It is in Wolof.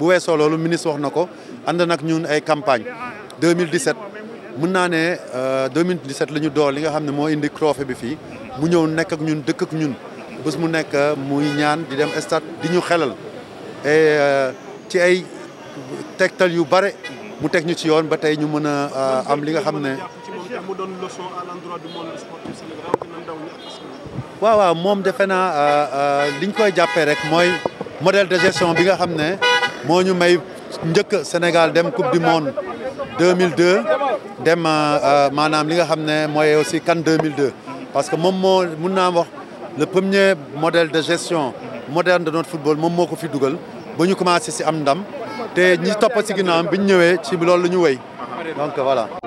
bu weesoo loolu ministre wax na ko ànd nag ñun ay campagne 2017 mën naa ne 2017 euh, la ñu door li nga xam ne moo indi trophée bi fii mu ñëw nekk ak ñun dëkk ak ñun bés mu nekk muy ñaan di dem stade di ñu xelal euh, ci ay tegtal yu bare mu teg ñu ci yoon ba tey ñu mën a euh, am li nga xam ne. waaw waaw moom defe naa liñ koy jàppee rek mooy modèle de gestion bi nga xam ne. moo ñu may njëkk Sénégal dem coupe du monde 2002 dem euh, euh, maanaam li nga xam ne mooy aussi CAN 2002. parce que moom moo mun naa wax le premier modèle de gestion moderne de notre football moom moo ko fi dugal ba ñu commencé si am ndam te ñi topp si ginnaawam bi ñu ñëwee ci loolu la ñu wéy donc voilà.